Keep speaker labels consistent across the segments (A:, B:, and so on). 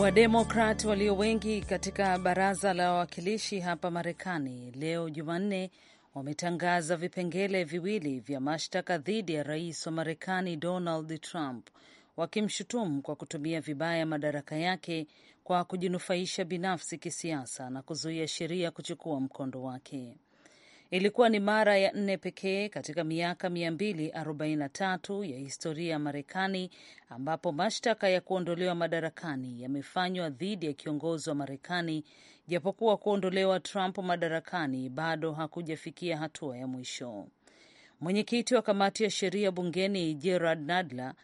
A: Wademokrat walio wengi katika baraza la wawakilishi hapa Marekani leo Jumanne wametangaza vipengele viwili vya mashtaka dhidi ya rais wa Marekani Donald Trump, wakimshutumu kwa kutumia vibaya madaraka yake kwa kujinufaisha binafsi kisiasa na kuzuia sheria kuchukua mkondo wake. Ilikuwa ni mara ya nne pekee katika miaka 243 ya historia ya Marekani ambapo mashtaka ya kuondolewa madarakani yamefanywa dhidi ya kiongozi wa Marekani, japokuwa kuondolewa Trump madarakani bado hakujafikia hatua ya mwisho. Mwenyekiti wa kamati ya sheria bungeni Gerard Nadler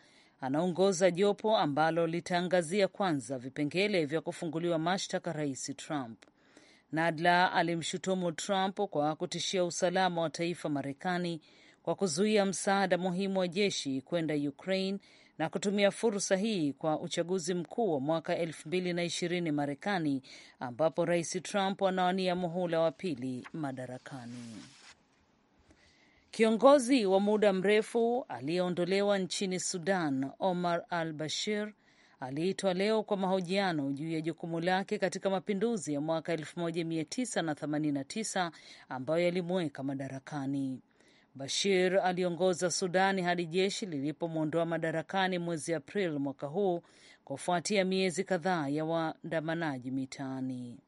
A: anaongoza jopo ambalo litaangazia kwanza vipengele vya kufunguliwa mashtaka rais Trump. Nadla alimshutumu Trump kwa kutishia usalama wa taifa Marekani kwa kuzuia msaada muhimu wa jeshi kwenda Ukraine na kutumia fursa hii kwa uchaguzi mkuu wa mwaka elfu mbili na ishirini Marekani, ambapo Rais Trump anawania muhula wa pili madarakani. Kiongozi wa muda mrefu aliyeondolewa nchini Sudan, Omar al Bashir, aliitwa leo kwa mahojiano juu ya jukumu lake katika mapinduzi ya mwaka 1989 ambayo yalimweka madarakani. Bashir aliongoza Sudani hadi jeshi lilipomwondoa madarakani mwezi Aprili mwaka huu kufuatia miezi kadhaa ya waandamanaji mitaani.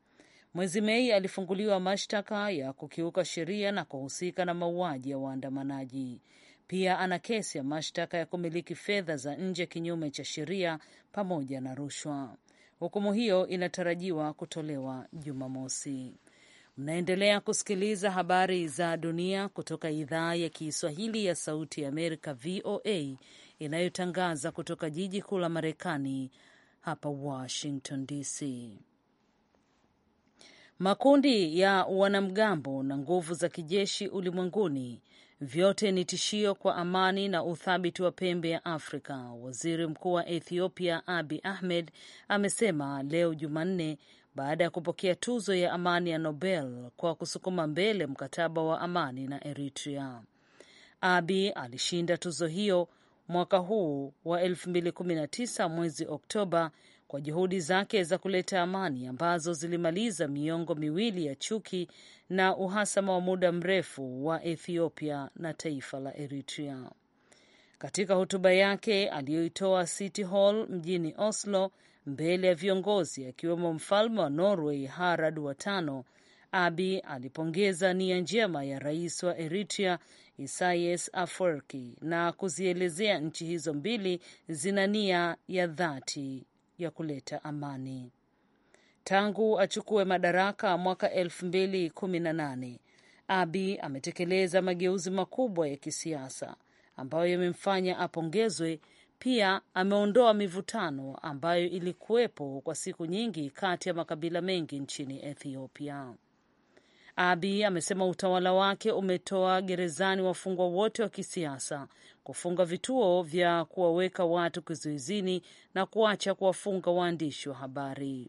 A: Mwezi Mei alifunguliwa mashtaka ya kukiuka sheria na kuhusika na mauaji ya waandamanaji. Pia ana kesi ya mashtaka ya kumiliki fedha za nje kinyume cha sheria pamoja na rushwa. Hukumu hiyo inatarajiwa kutolewa Jumamosi. Mnaendelea kusikiliza habari za dunia kutoka idhaa ya Kiswahili ya Sauti ya Amerika, VOA, inayotangaza kutoka jiji kuu la Marekani, hapa Washington DC. Makundi ya wanamgambo na nguvu za kijeshi ulimwenguni vyote ni tishio kwa amani na uthabiti wa pembe ya Afrika, waziri mkuu wa Ethiopia Abi Ahmed amesema leo Jumanne baada ya kupokea tuzo ya amani ya Nobel kwa kusukuma mbele mkataba wa amani na Eritrea. Abi alishinda tuzo hiyo mwaka huu wa 2019 mwezi Oktoba kwa juhudi zake za kuleta amani ambazo zilimaliza miongo miwili ya chuki na uhasama wa muda mrefu wa Ethiopia na taifa la Eritrea. Katika hotuba yake aliyoitoa City Hall mjini Oslo mbele ya viongozi akiwemo mfalme wa Norway Harald wa tano, Abi alipongeza nia njema ya rais wa Eritrea Isaias Afwerki na kuzielezea nchi hizo mbili zina nia ya dhati ya kuleta amani. Tangu achukue madaraka mwaka 218 Abi ametekeleza mageuzi makubwa ya kisiasa ambayo yamemfanya apongezwe. Pia ameondoa mivutano ambayo ilikuwepo kwa siku nyingi kati ya makabila mengi nchini Ethiopia. Abi amesema utawala wake umetoa gerezani wafungwa wote wa kisiasa kufunga vituo vya kuwaweka watu kizuizini na kuacha kuwafunga waandishi wa habari.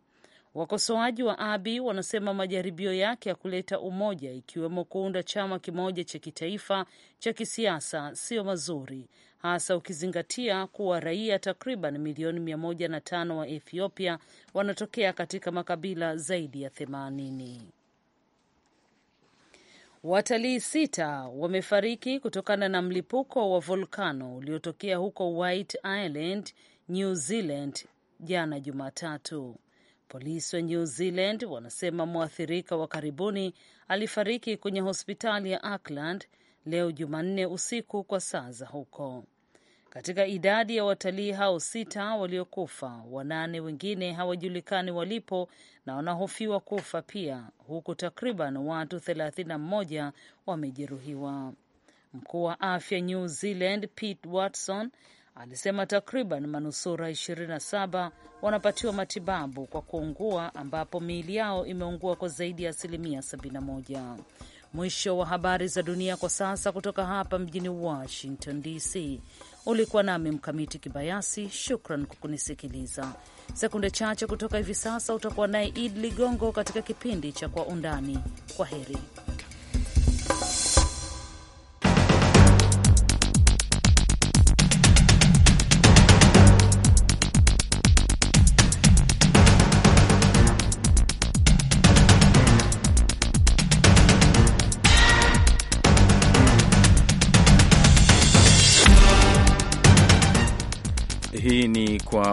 A: Wakosoaji wa Abi wanasema majaribio yake ya kuleta umoja, ikiwemo kuunda chama kimoja cha kitaifa cha kisiasa, sio mazuri, hasa ukizingatia kuwa raia takriban milioni mia moja na tano wa Ethiopia wanatokea katika makabila zaidi ya themanini. Watalii sita wamefariki kutokana na mlipuko wa volkano uliotokea huko White Island, New Zealand jana Jumatatu. Polisi wa New Zealand wanasema mwathirika wa karibuni alifariki kwenye hospitali ya Auckland leo Jumanne usiku kwa saa za huko. Katika idadi ya watalii hao sita waliokufa, wanane wengine hawajulikani walipo na wanahofiwa kufa pia, huku takriban watu 31 wamejeruhiwa. Mkuu wa afya New Zealand Pete Watson alisema takriban manusura 27 wanapatiwa matibabu kwa kuungua, ambapo miili yao imeungua kwa zaidi ya asilimia 71. Mwisho wa habari za dunia kwa sasa kutoka hapa mjini Washington DC. Ulikuwa nami Mkamiti Kibayasi, shukran kwa kunisikiliza. Sekunde chache kutoka hivi sasa utakuwa naye Id Ligongo katika kipindi cha Kwa Undani. Kwa heri.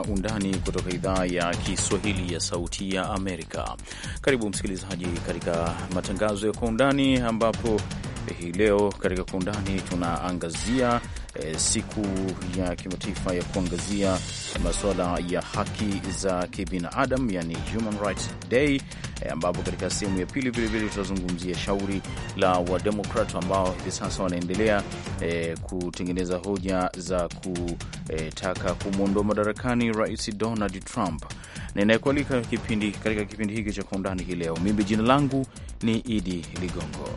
B: undani kutoka idhaa ya Kiswahili ya Sauti ya Amerika. Karibu msikilizaji katika matangazo ya kwa undani, ambapo hii leo katika kwa undani tunaangazia e, siku ya kimataifa ya kuangazia masuala ya haki za kibinadamu, yani Human Rights Day, e, ambapo katika sehemu ya pili vilevile tutazungumzia shauri la wademokrat ambao hivi sasa wanaendelea e, kutengeneza hoja za kutaka kumwondoa madarakani Rais Donald Trump. Ninayekualika kipindi katika kipindi hiki cha Kwa Undani hii leo, mimi jina langu ni Idi Ligongo.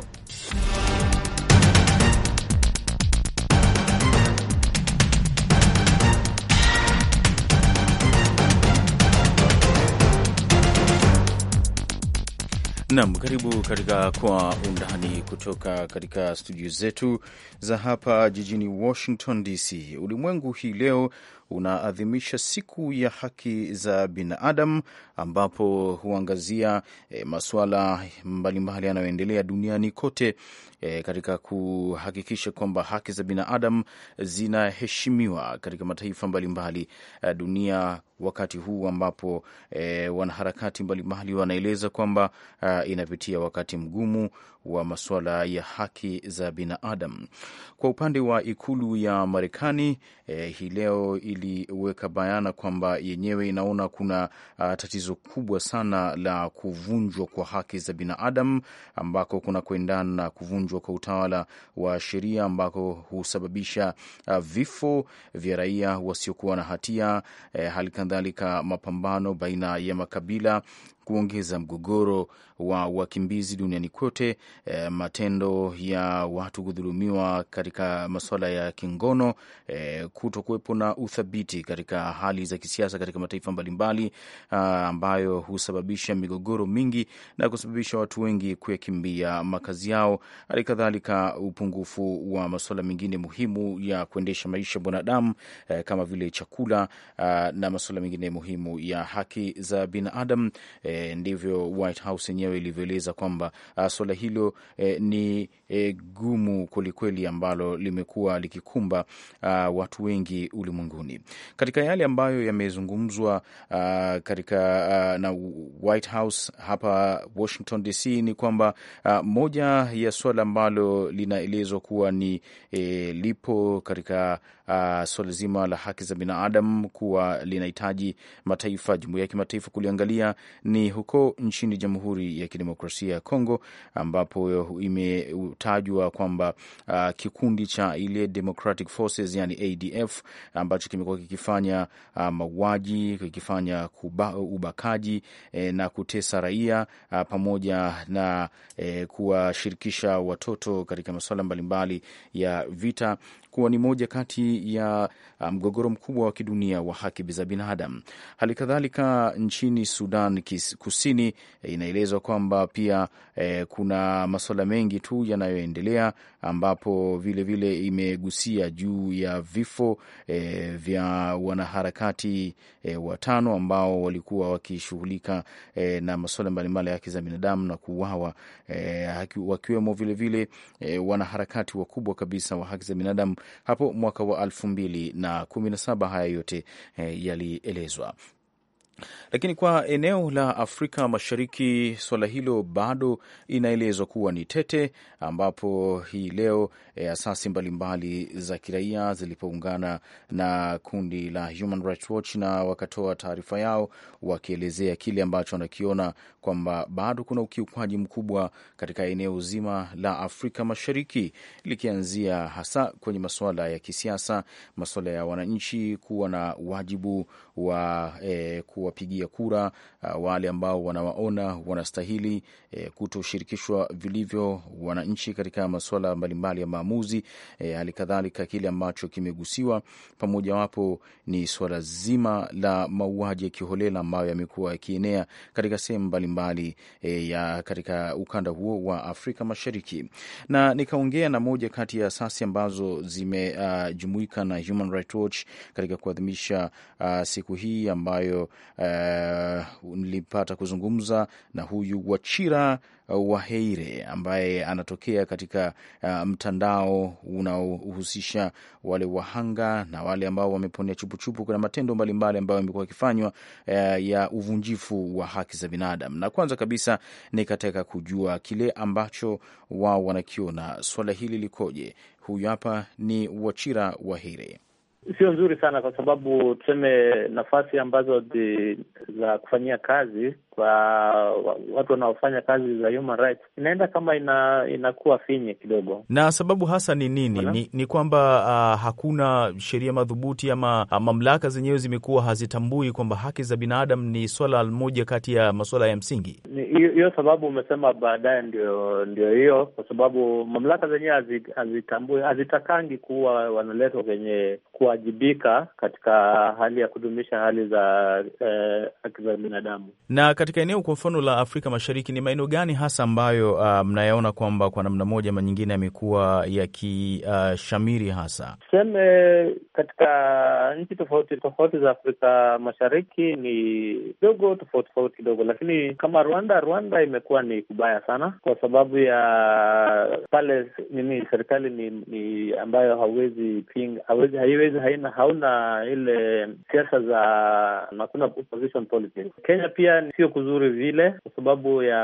B: Nam, karibu katika Kwa Undani kutoka katika studio zetu za hapa jijini Washington DC. Ulimwengu hii leo unaadhimisha siku ya haki za binadamu ambapo huangazia e, eh, masuala mbalimbali yanayoendelea duniani kote e, katika kuhakikisha kwamba haki za binadamu zinaheshimiwa katika mataifa mbalimbali mbali eh, dunia, wakati huu ambapo e, wanaharakati mbalimbali wanaeleza kwamba inapitia wakati mgumu wa masuala ya haki za binadamu. Kwa upande wa ikulu ya Marekani e, hii leo iliweka bayana kwamba yenyewe inaona kuna uh, tatizo kubwa sana la kuvunjwa kwa haki za binadamu ambako kuna kuendana na kuvunjwa kwa utawala wa sheria ambako husababisha uh, vifo vya raia wasiokuwa na hatia eh, hali kadhalika mapambano baina ya makabila kuongeza mgogoro wa wakimbizi duniani kote, e, matendo ya watu kudhulumiwa katika masuala ya kingono, e, kuto kuwepo na uthabiti katika hali za kisiasa katika mataifa mbalimbali ambayo husababisha migogoro mingi na kusababisha watu wengi kuyakimbia makazi yao, hali kadhalika upungufu wa masuala mengine muhimu ya kuendesha maisha bwanadamu e, kama vile chakula a, na masuala mengine muhimu ya haki za binadamu e, Eh, ndivyo White House yenyewe ilivyoeleza kwamba ah, suala hilo e, ni e, gumu kwelikweli ambalo limekuwa likikumba uh, watu wengi ulimwenguni. Katika yale ambayo yamezungumzwa ah, katika uh, na White House hapa Washington DC ni kwamba uh, moja ya suala ambalo linaelezwa kuwa ni e, lipo katika uh, ah, swala zima la haki za binadamu kuwa linahitaji mataifa, jumuia ya kimataifa kuliangalia ni huko nchini Jamhuri ya Kidemokrasia ya Kongo, ambapo imetajwa kwamba uh, kikundi cha ile Democratic Forces yani ADF ambacho kimekuwa kikifanya uh, mauaji, kikifanya kuba, ubakaji eh, na kutesa raia uh, pamoja na eh, kuwashirikisha watoto katika masuala mbalimbali ya vita kuwa ni moja kati ya uh, mgogoro mkubwa wa kidunia wa haki za binadamu. Hali kadhalika nchini Sudan Kusini eh, inaelezwa kwamba pia eh, kuna masuala mengi tu yanayoendelea, ambapo vilevile vile imegusia juu ya vifo eh, vya wanaharakati eh, watano ambao walikuwa wakishughulika eh, na masuala mbalimbali ya haki za binadamu na kuuawa eh, wakiwemo vilevile eh, wanaharakati wakubwa kabisa wa haki za binadamu hapo mwaka wa elfu Haya yote eh, yalielezwa lakini kwa eneo la Afrika Mashariki, suala hilo bado inaelezwa kuwa ni tete, ambapo hii leo E, asasi mbalimbali za kiraia zilipoungana na kundi la Human Rights Watch na wakatoa taarifa yao wakielezea kile ambacho wanakiona kwamba bado kuna ukiukwaji mkubwa katika eneo zima la Afrika Mashariki, likianzia hasa kwenye masuala ya kisiasa, masuala ya wananchi kuwa na wajibu wa e, kuwapigia kura wale ambao wanawaona wanastahili e, kutoshirikishwa vilivyo wananchi katika masuala mbalimbali ya maamuzi. E, hali kadhalika kile ambacho kimegusiwa pamojawapo ni suala zima la mauaji ya kiholela ambayo yamekuwa yakienea katika sehemu mbalimbali e, ya katika ukanda huo wa Afrika Mashariki, na nikaongea na moja kati ya asasi ambazo zimejumuika uh, na Human Rights Watch katika kuadhimisha uh, siku hii ambayo uh, nilipata kuzungumza na huyu Wachira Uh, Waheire ambaye anatokea katika uh, mtandao unaohusisha wale wahanga na wale ambao wameponea chupuchupu. Kuna matendo mbalimbali ambayo yamekuwa yakifanywa uh, ya uvunjifu wa haki za binadamu, na kwanza kabisa nikataka kujua kile ambacho wao wanakiona swala hili likoje. Huyu hapa ni Wachira Waheire.
C: Sio nzuri sana kwa sababu tuseme, nafasi ambazo di, za kufanyia kazi kwa watu wanaofanya kazi za human rights inaenda kama ina, inakuwa finye kidogo.
B: Na sababu hasa ni nini? Ni, ni kwamba uh, hakuna sheria madhubuti ama uh, mamlaka zenyewe zimekuwa hazitambui kwamba haki za binadamu ni swala moja kati ya masuala ya msingi.
C: Hiyo sababu umesema baadaye, ndio ndio hiyo, kwa sababu mamlaka zenyewe hazitambui, hazitakangi kuwa wanaletwa kwenye kuwajibika katika hali ya kudumisha hali za eh, haki eh, za binadamu
B: na katika eneo kwa mfano la Afrika Mashariki, ni maeneo gani hasa ambayo uh, mnayaona kwamba kwa namna moja ama nyingine yamekuwa yakishamiri uh, hasa
C: tuseme katika nchi tofauti tofauti za Afrika Mashariki ni kidogo tofauti tofauti kidogo, lakini kama Rwanda, Rwanda imekuwa ni kubaya sana kwa sababu ya pale nini, serikali ni, ni ambayo hauwezi pinga, hauwezi haiwezi, haina hauna ile siasa za hakuna opposition politics. Kenya pia sio kuzuri vile, kwa sababu ya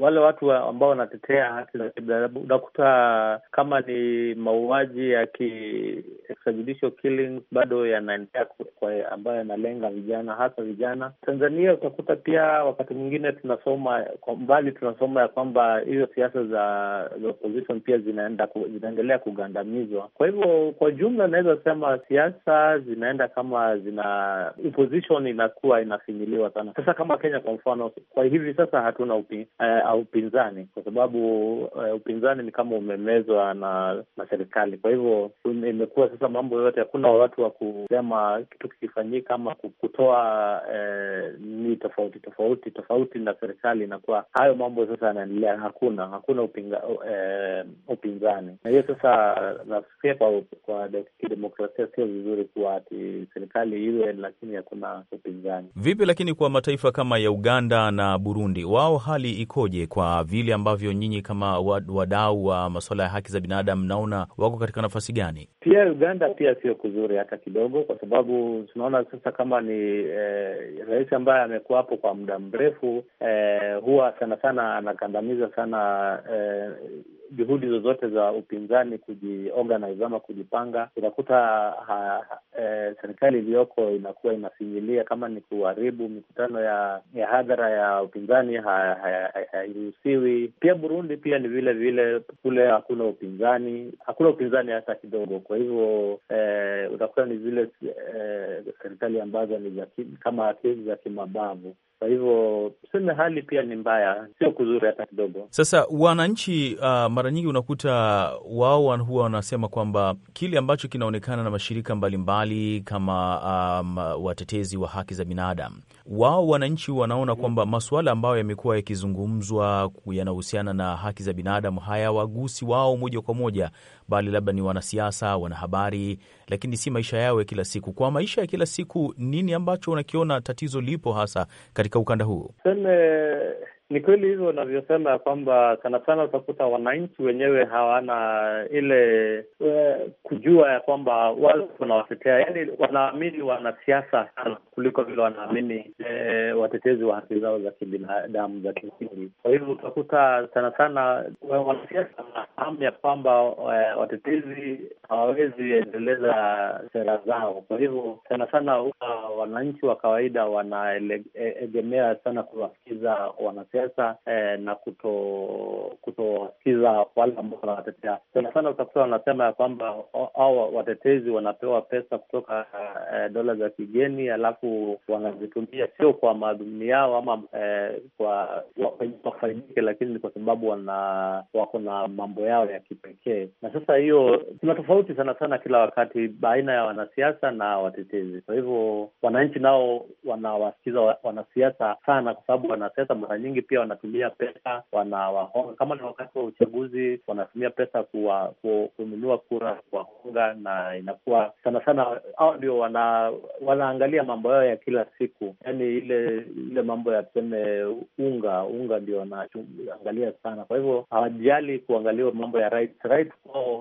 C: wale watu ambao wanatetea haki za kibinadamu. Unakuta kama ni mauaji ya extrajudicial killings bado yanaendelea, ambayo yanalenga vijana, hasa vijana Tanzania. Utakuta pia wakati mwingine tunasoma kwa mbali, tunasoma ya kwamba hizo siasa za, za opposition pia zinaenda zinaendelea kugandamizwa. Kwa hivyo kwa jumla naweza sema siasa zinaenda kama zina opposition inakuwa inafinyiliwa sana sasa kama kama Kenya kwa mfano, kwa hivi sasa hatuna upi, uh, upinzani kwa sababu uh, upinzani ni kama umemezwa na na serikali. Kwa hivyo imekuwa sasa mambo yote, hakuna watu wa kusema kitu kikifanyika ama kutoa uh, ni tofauti tofauti tofauti na serikali, inakuwa hayo mambo sasa yanaendelea, hakuna hakuna upinga, uh, upinzani. Na hiyo sasa nafikia kwa, kwa kidemokrasia sio vizuri kuwa ati serikali iwe, lakini hakuna upinzani.
B: Vipi lakini kwa mataifa kama ya Uganda na Burundi, wao hali ikoje kwa vile ambavyo nyinyi kama wadau wa masuala ya haki za binadamu mnaona wako katika nafasi gani?
C: Pia Uganda pia sio kuzuri hata kidogo, kwa sababu tunaona sasa kama ni eh, rais ambaye amekuwa hapo kwa muda mrefu eh, huwa sana sana anakandamiza sana eh, juhudi zozote za upinzani kujiorganize ama kujipanga, utakuta ha, ha, e, serikali iliyoko inakuwa inafinyilia kama ni kuharibu mikutano ya ya hadhara ya upinzani hairuhusiwi. ha, ha, ha, pia Burundi pia ni vile vile, kule hakuna upinzani, hakuna upinzani hata kidogo. Kwa hivyo e, utakuta ni zile e, serikali ambazo ni za kama za kimabavu. Kwa hivyo tuseme hali pia ni mbaya, sio kuzuri hata kidogo.
B: Sasa wananchi, uh, mara nyingi unakuta wao huwa wanasema kwamba kile ambacho kinaonekana na mashirika mbalimbali mbali, kama um, watetezi wa haki za binadamu, wao wananchi wanaona kwamba masuala ambayo yamekuwa yakizungumzwa yanahusiana na haki za binadamu hayawagusi wao moja kwa moja, bali labda ni wanasiasa, wanahabari, lakini si maisha yao ya kila siku. Kwa maisha ya kila siku, nini ambacho unakiona tatizo lipo hasa katika ukanda huu?
C: Ni kweli hivyo unavyosema kwamba sana sana utakuta wananchi wenyewe hawana ile e, kujua ya kwamba wale wanawatetea, yani wanaamini wanasiasa sana kuliko vile wanaamini e, watetezi wa haki zao za kibinadamu za kimsingi. Kwa hivyo utakuta sana sana wanasiasa wanafahamu ya kwamba e, watetezi hawawezi endeleza sera zao. Kwa hivyo sana sana wananchi wa kawaida wanaegemea e-, sana kuwasikiza wanasiasa kisiasa eh, na kuto wale ambao wanawatetea. Sana sana utakuta wanasema ya kwamba au watetezi wanapewa pesa kutoka eh, dola za kigeni, alafu wanazitumia sio kwa madhumuni yao ama eh, wafaidike, lakini ni kwa sababu wana wako na mambo yao ya kipekee. Na sasa hiyo kuna tofauti sana sana kila wakati baina ya wanasiasa na watetezi. Kwa hivyo wananchi nao wanawasikiza wanasiasa sana, kwa sababu wanasiasa mara nyingi wengi pia wanatumia pesa wanawahonga, kama ni wakati wa uchaguzi, wanatumia pesa kuwa, ku, kununua kura kuwahonga, na inakuwa sana sana hao ndio wana, wanaangalia mambo yao ya kila siku, yani ile ile mambo ya tuseme unga unga ndio wanaangalia sana. Kwa hivyo hawajali kuangaliwa mambo ya right, right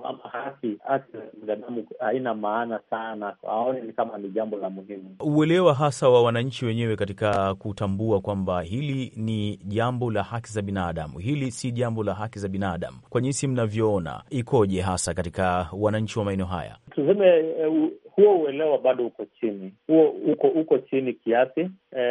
C: ama haki haki za binadamu haina maana sana, haoni ni kama ni jambo la muhimu.
B: Uelewa hasa wa wananchi wenyewe katika kutambua kwamba hili ni jambo la haki za binadamu. Hili si jambo la haki za binadamu. Kwa jinsi mnavyoona, ikoje hasa katika wananchi wa maeneo haya?
C: Tuseme eh, huo uelewa bado uko chini, huo uko uko chini kiasi e,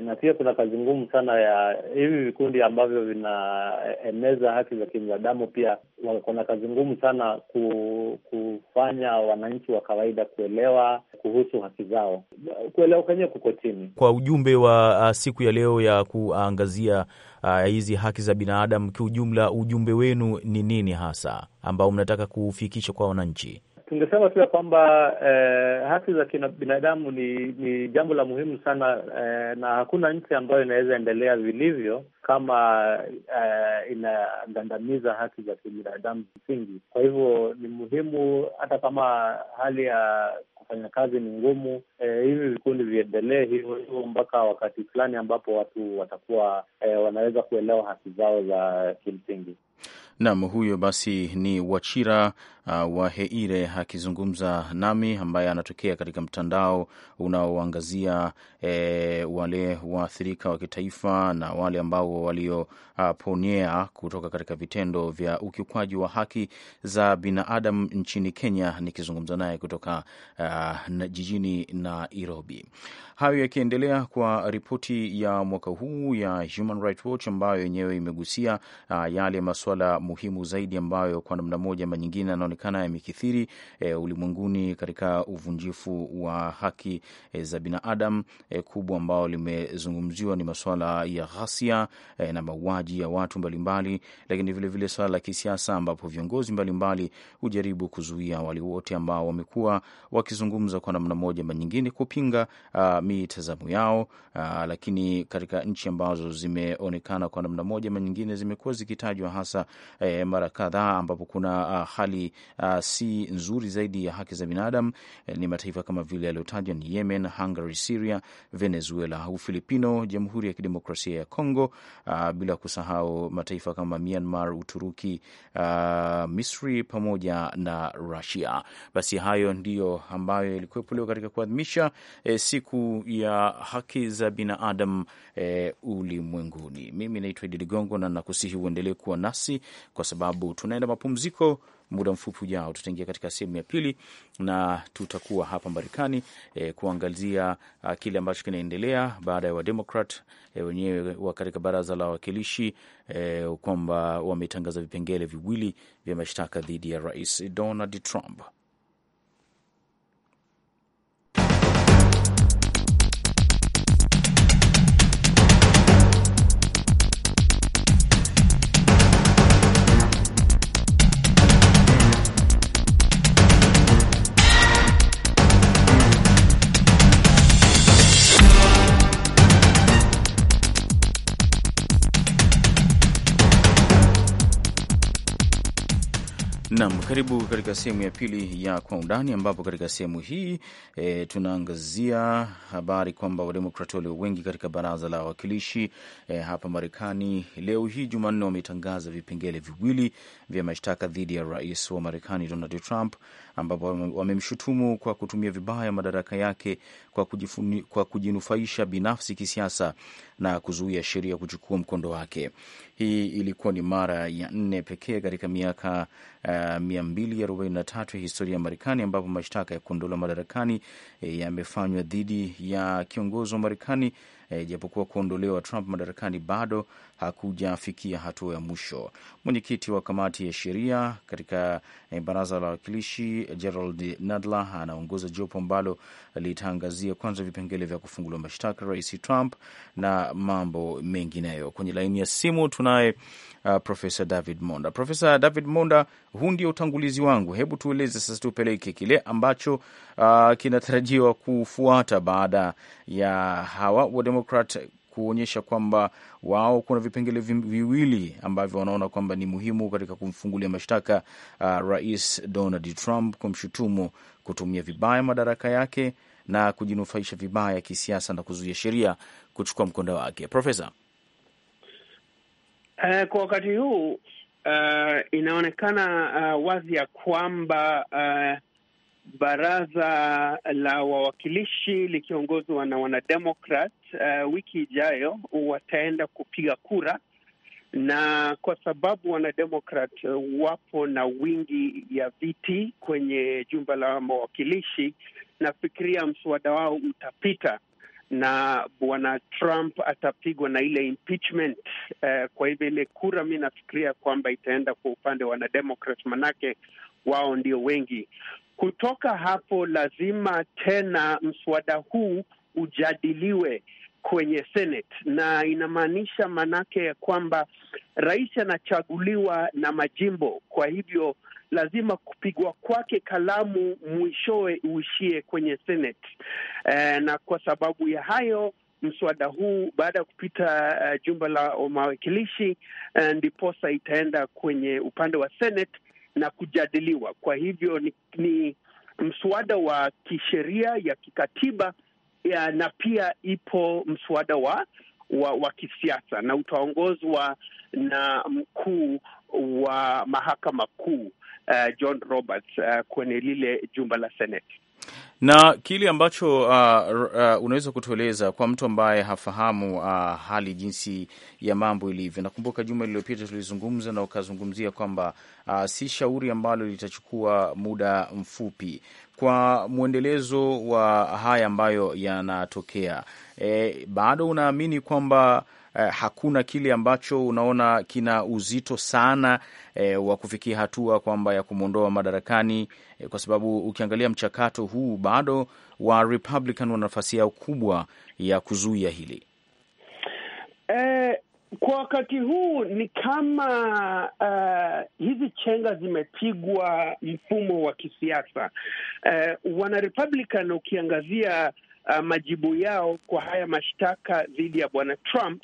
C: na pia kuna kazi ngumu sana ya hivi vikundi ambavyo vinaeneza haki za kibinadamu, pia kuna kazi ngumu sana ku, kufanya wananchi wa kawaida kuelewa kuhusu haki zao, kuelewa kwenyewe kuko chini.
B: Kwa ujumbe wa uh, siku ya leo ya kuangazia uh, hizi haki za binadamu kiujumla, ujumbe wenu ni nini hasa ambao mnataka kufikisha kwa wananchi?
C: tungesema ya kwamba eh, haki za binadamu ni, ni jambo la muhimu sana eh, na hakuna nchi ambayo inaweza endelea vilivyo kama eh, inagandamiza haki za kibinadamu msingi. Kwa hivyo ni muhimu, hata kama hali ya kufanya kazi ni ngumu, eh, hivi vikundi viendelee hivyo hivyo mpaka wakati fulani ambapo watu watakuwa eh, wanaweza kuelewa haki zao za kimsingi.
B: Nam, huyo basi ni Wachira uh, wa Heire akizungumza nami, ambaye anatokea katika mtandao unaoangazia e, wale waathirika wa kitaifa na wale ambao walioponyea uh, kutoka katika vitendo vya ukiukwaji wa haki za binadamu nchini Kenya, nikizungumza naye kutoka uh, na jijini Nairobi. Hayo yakiendelea kwa ripoti ya mwaka huu ya Human Rights Watch ambayo yenyewe imegusia uh, yale masuala muhimu zaidi ambayo kwa namna moja ama nyingine yanaonekana yamekithiri e, ulimwenguni katika uvunjifu wa haki e, za binadamu e, kubwa ambao limezungumziwa ni masuala ya ghasia e, na mauaji ya watu mbalimbali, lakini vilevile swala la kisiasa ambapo viongozi mbalimbali hujaribu kuzuia wale wote ambao wamekuwa wakizungumza kwa namna moja ama nyingine kupinga uh, mitazamo yao. uh, lakini katika nchi ambazo zimeonekana kwa namna moja ama nyingine zimekuwa zikitajwa hasa eh, mara kadhaa ambapo kuna uh, hali uh, si nzuri zaidi ya haki za binadamu eh, ni mataifa kama vile yaliyotajwa ni Yemen, Hungary, Syria, Venezuela, Ufilipino, Jamhuri ya Kidemokrasia ya Congo, uh, bila kusahau mataifa kama Myanmar, Uturuki, uh, Misri pamoja na Russia. Basi hayo ndiyo ambayo yalikuwepo leo katika kuadhimisha eh, siku ya haki za binadamu e, ulimwenguni. Mimi naitwa Idi Ligongo na nakusihi uendelee kuwa nasi kwa sababu tunaenda mapumziko. Muda mfupi ujao tutaingia katika sehemu ya pili na tutakuwa hapa Marekani e, kuangazia kile ambacho kinaendelea baada ya Wademokrat e, wenyewe wa katika baraza la wawakilishi e, kwamba wametangaza vipengele viwili vya mashtaka dhidi ya Rais Donald Trump. Nam, karibu katika sehemu ya pili ya Kwa Undani, ambapo katika sehemu hii e, tunaangazia habari kwamba wademokrati walio wengi katika baraza la wawakilishi e, hapa Marekani leo hii Jumanne wametangaza vipengele viwili vya mashtaka dhidi ya rais wa Marekani Donald Trump ambapo wamemshutumu kwa kutumia vibaya madaraka yake kwa, kujifuni, kwa kujinufaisha binafsi kisiasa na kuzuia sheria kuchukua mkondo wake. Hii ilikuwa ni mara ya nne pekee katika miaka uh, eh, 243 ya historia ya Marekani ambapo mashtaka ya kuondolewa madarakani eh, yamefanywa dhidi ya kiongozi wa Marekani Eh, ijapokuwa kuondolewa Trump madarakani bado hakujafikia hatua ya mwisho. Mwenyekiti wa kamati ya sheria katika eh, baraza la wawakilishi Gerald Nadler anaongoza jopo ambalo litaangazia kwanza vipengele vya kufunguliwa mashtaka rais Trump na mambo mengineyo. Kwenye laini ya simu tunaye uh, Profesa David Monda. Profesa David Monda, huu ndio utangulizi wangu. Hebu tueleze sasa, tupeleke kile ambacho uh, kinatarajiwa kufuata baada ya hawa Wademokrat kuonyesha kwamba wao kuna vipengele viwili ambavyo wanaona kwamba ni muhimu katika kumfungulia mashtaka uh, Rais Donald Trump kumshutumu kutumia vibaya madaraka yake na kujinufaisha vibaya kisiasa na kuzuia sheria kuchukua mkondo wake. Profesa
D: Eh, kwa wakati huu uh, inaonekana uh, wazi ya kwamba uh, baraza la wawakilishi likiongozwa na wanademokrat uh, wiki ijayo wataenda kupiga kura, na kwa sababu wanademokrat wapo na wingi ya viti kwenye jumba la mawakilishi nafikiria mswada wao utapita na bwana Trump atapigwa na ile impeachment eh, Kwa hivyo ile kura, mi nafikiria kwamba itaenda kwa upande wa wanademokrat, manake wao ndio wengi. Kutoka hapo, lazima tena mswada huu ujadiliwe kwenye Senate, na inamaanisha manake ya kwamba rais anachaguliwa na majimbo, kwa hivyo lazima kupigwa kwake kalamu mwishowe uishie kwenye Senate. E, na kwa sababu ya hayo mswada huu baada ya kupita uh, jumba la mawakilishi eh, ndiposa itaenda kwenye upande wa Senate na kujadiliwa. Kwa hivyo ni, ni mswada wa kisheria ya kikatiba ya, na pia ipo mswada wa wa, wa kisiasa na utaongozwa na mkuu wa mahakama kuu uh, John Roberts uh, kwenye lile jumba la Senate
B: na kile ambacho uh, uh, unaweza kutueleza kwa mtu ambaye hafahamu uh, hali jinsi ya mambo ilivyo. Nakumbuka juma lililopita tulizungumza na ukazungumzia kwamba uh, si shauri ambalo litachukua muda mfupi kwa mwendelezo wa haya ambayo yanatokea. E, bado unaamini kwamba eh, hakuna kile ambacho unaona kina uzito sana eh, wa kufikia hatua kwamba ya kumwondoa madarakani eh, kwa sababu ukiangalia mchakato huu bado wa Republican wana nafasi yao kubwa ya kuzuia hili
D: eh... Kwa wakati huu ni kama uh, hizi chenga zimepigwa mfumo wa kisiasa uh, wana Republican ukiangazia uh, majibu yao kwa haya mashtaka dhidi ya bwana Trump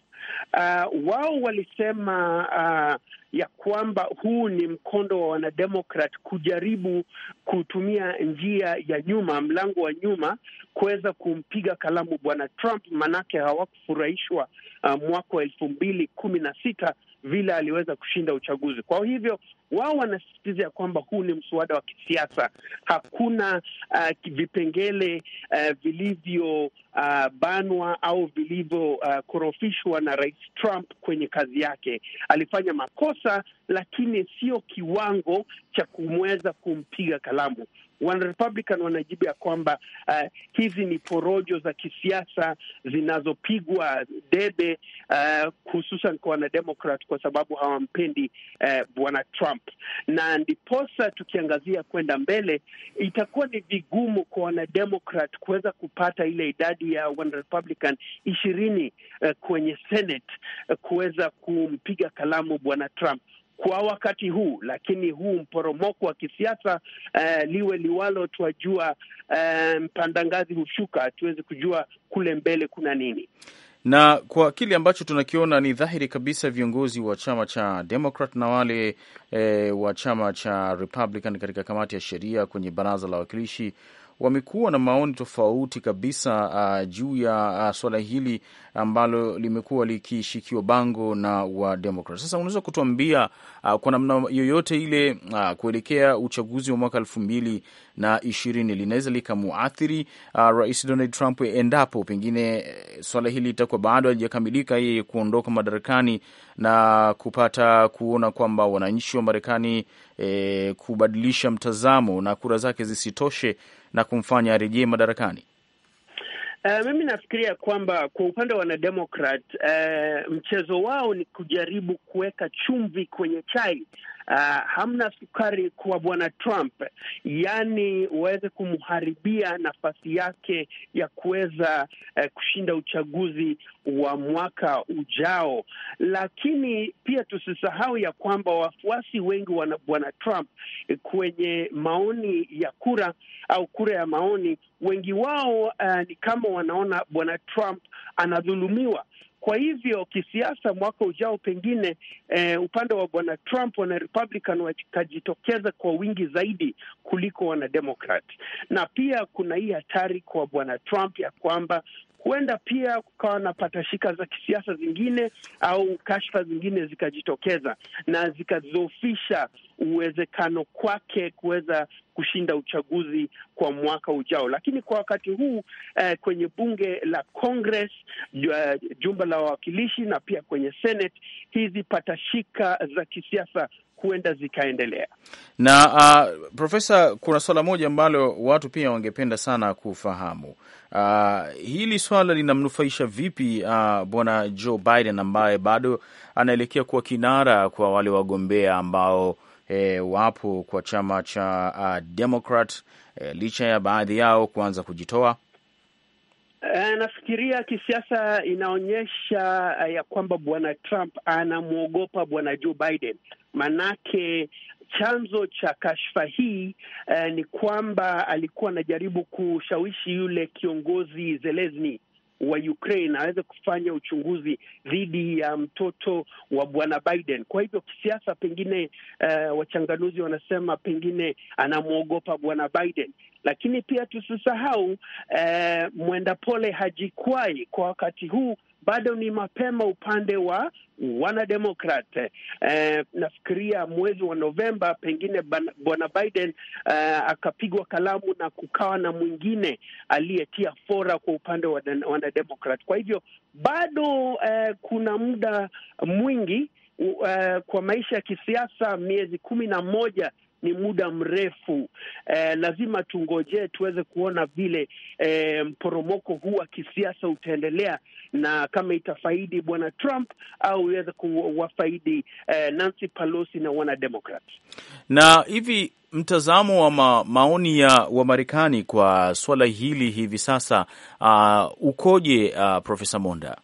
D: Uh, wao walisema uh, ya kwamba huu ni mkondo wa wanademokrat kujaribu kutumia njia ya nyuma, mlango wa nyuma, kuweza kumpiga kalamu bwana Trump, manake hawakufurahishwa uh, mwaka wa elfu mbili kumi na sita vile aliweza kushinda uchaguzi. Kwa hivyo wao wanasisitiza ya kwamba huu ni mswada wa kisiasa, hakuna uh, vipengele uh, vilivyobanwa uh, au vilivyokorofishwa uh, na Rais Trump kwenye kazi yake. Alifanya makosa, lakini sio kiwango cha kumweza kumpiga kalamu. Wanarepublican wanajibu ya kwamba uh, hizi ni porojo za kisiasa zinazopigwa debe uh, hususan kwa wanademokrat kwa sababu hawampendi uh, bwana Trump, na ndiposa tukiangazia kwenda mbele itakuwa ni vigumu kwa wanademokrat kuweza kupata ile idadi ya wanarepublican ishirini uh, kwenye Senate uh, kuweza kumpiga kalamu bwana Trump kwa wakati huu, lakini huu mporomoko wa kisiasa eh, liwe liwalo, twajua eh, mpanda ngazi hushuka, tuweze kujua kule mbele kuna nini
B: na kwa kile ambacho tunakiona ni dhahiri kabisa viongozi wa chama cha Democrat na wale e, wa chama cha Republican katika kamati ya sheria kwenye baraza la wawakilishi wamekuwa na maoni tofauti kabisa uh, juu ya uh, suala hili ambalo limekuwa likishikiwa bango na wa Sasa unaweza kutuambia uh, kwa namna yoyote ile uh, kuelekea uchaguzi wa mwaka elfu mbili na ishirini linaweza likamuathiri uh, Rais Donald Trump endapo pengine eh, swala hili litakuwa bado halijakamilika, yeye kuondoka madarakani na kupata kuona kwamba wananchi wa Marekani e, kubadilisha mtazamo na kura zake zisitoshe na kumfanya arejee madarakani.
D: Uh, mimi nafikiria kwamba kwa upande wa wanademokrat uh, mchezo wao ni kujaribu kuweka chumvi kwenye chai uh, hamna sukari kwa bwana Trump, yani waweze kumharibia nafasi yake ya kuweza uh, kushinda uchaguzi wa mwaka ujao. Lakini pia tusisahau ya kwamba wafuasi wengi wa bwana Trump eh, kwenye maoni ya kura au kura ya maoni, wengi wao uh, ni kama wanaona bwana Trump anadhulumiwa kwa hivyo kisiasa, mwaka ujao pengine, eh, upande wa bwana Trump wana Republican wakajitokeza kwa wingi zaidi kuliko wanademokrat, na pia kuna hii hatari kwa bwana Trump ya kwamba huenda pia kukawa na patashika za kisiasa zingine au kashfa zingine zikajitokeza na zikadhofisha uwezekano kwake kuweza kushinda uchaguzi kwa mwaka ujao. Lakini kwa wakati huu eh, kwenye bunge la Congress, eh, jumba la wawakilishi na pia kwenye Senate, hizi patashika za kisiasa huenda zikaendelea.
B: Na uh, Profesa, kuna swala moja ambalo watu pia wangependa sana kufahamu. Uh, hili swala linamnufaisha vipi uh, bwana Joe Biden ambaye bado anaelekea kuwa kinara kwa wale wagombea ambao E, wapo kwa chama cha uh, Democrat e, licha ya baadhi yao kuanza kujitoa
D: Eh, nafikiria kisiasa inaonyesha eh, ya kwamba bwana Trump anamwogopa bwana Joe Biden, manake chanzo cha kashfa hii eh, ni kwamba alikuwa anajaribu kushawishi yule kiongozi Zelensky wa Ukraine aweze kufanya uchunguzi dhidi ya mtoto wa bwana Biden. Kwa hivyo kisiasa, pengine uh, wachanganuzi wanasema pengine anamwogopa bwana Biden, lakini pia tusisahau eh, mwenda pole hajikwai kwa wakati huu bado ni mapema upande wa wanademokrat eh, nafikiria mwezi wa Novemba pengine bwana Biden eh, akapigwa kalamu na kukawa na mwingine aliyetia fora kwa upande wa wanademokrat. Kwa hivyo bado eh, kuna muda mwingi uh, kwa maisha ya kisiasa, miezi kumi na moja ni muda mrefu eh, lazima tungojee tuweze kuona vile eh, mporomoko huu wa kisiasa utaendelea na kama itafaidi bwana Trump au iweze kuwafaidi eh, Nancy Pelosi na wanademokrat.
B: Na hivi mtazamo wa ma, maoni ya Wamarekani kwa swala hili hivi sasa uh, ukoje, uh, Profesa Monda?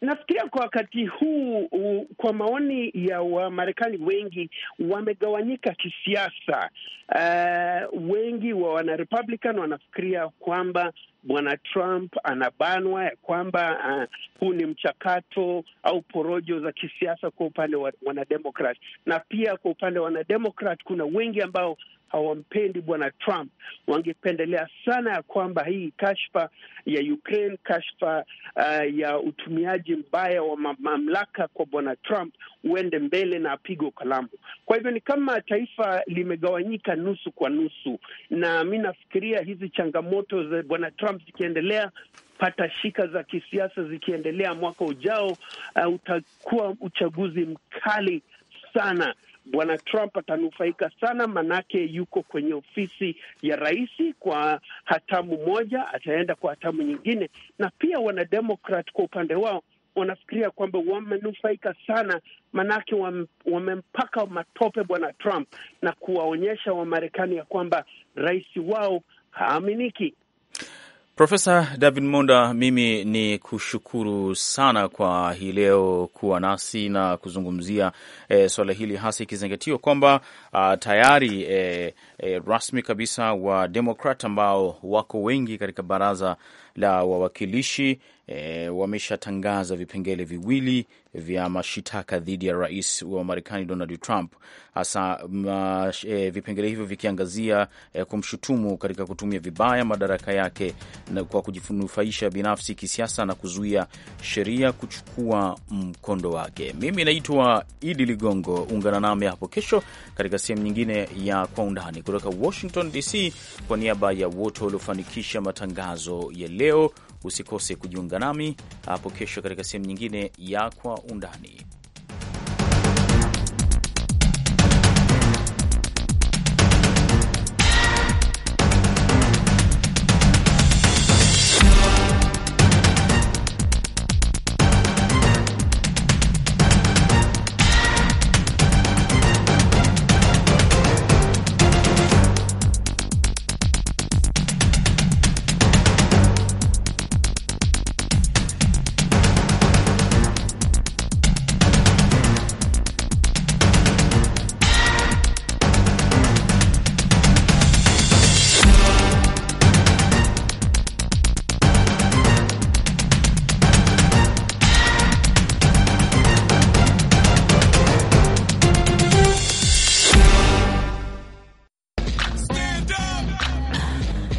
D: Nafikiria kwa wakati huu u, kwa maoni ya Wamarekani wengi wamegawanyika kisiasa. Uh, wengi wa wana Republican wanafikiria kwamba Bwana Trump anabanwa, ya kwamba uh, huu ni mchakato au porojo za kisiasa kwa upande wa wanademokrat, na pia kwa upande wa wanademokrat kuna wengi ambao hawampendi bwana Trump, wangependelea sana ya kwamba hii kashfa ya Ukraine, kashfa uh, ya utumiaji mbaya wa mamlaka kwa bwana Trump uende mbele na apigwe kalamu. Kwa hivyo ni kama taifa limegawanyika nusu kwa nusu, na mi nafikiria hizi changamoto za bwana Trump zikiendelea patashika za kisiasa zikiendelea mwaka ujao, uh, utakuwa uchaguzi mkali sana bwana Trump atanufaika sana, manake yuko kwenye ofisi ya rais kwa hatamu moja, ataenda kwa hatamu nyingine, na pia wanademokrat kwa upande wao wanafikiria kwamba wamenufaika sana manake wamempaka matope bwana Trump na kuwaonyesha Wamarekani ya kwamba rais wao haaminiki.
B: Profesa David Monda, mimi ni kushukuru sana kwa hii leo kuwa nasi na kuzungumzia e, swala hili hasa ikizingatiwa kwamba ah, tayari e, e, rasmi kabisa wa Demokrat ambao wako wengi katika baraza la wawakilishi e, wameshatangaza vipengele viwili vya mashitaka dhidi ya rais wa Marekani Donald Trump, hasa e, vipengele hivyo vikiangazia e, kumshutumu katika kutumia vibaya madaraka yake na kwa kujinufaisha binafsi kisiasa na kuzuia sheria kuchukua mkondo wake. Mimi naitwa Idi Ligongo, ungana nami hapo kesho katika sehemu nyingine ya Kwa Undani kutoka Washington DC. Kwa niaba ya wote waliofanikisha matangazo ya leo Usikose kujiunga nami hapo kesho katika sehemu nyingine ya Kwa Undani.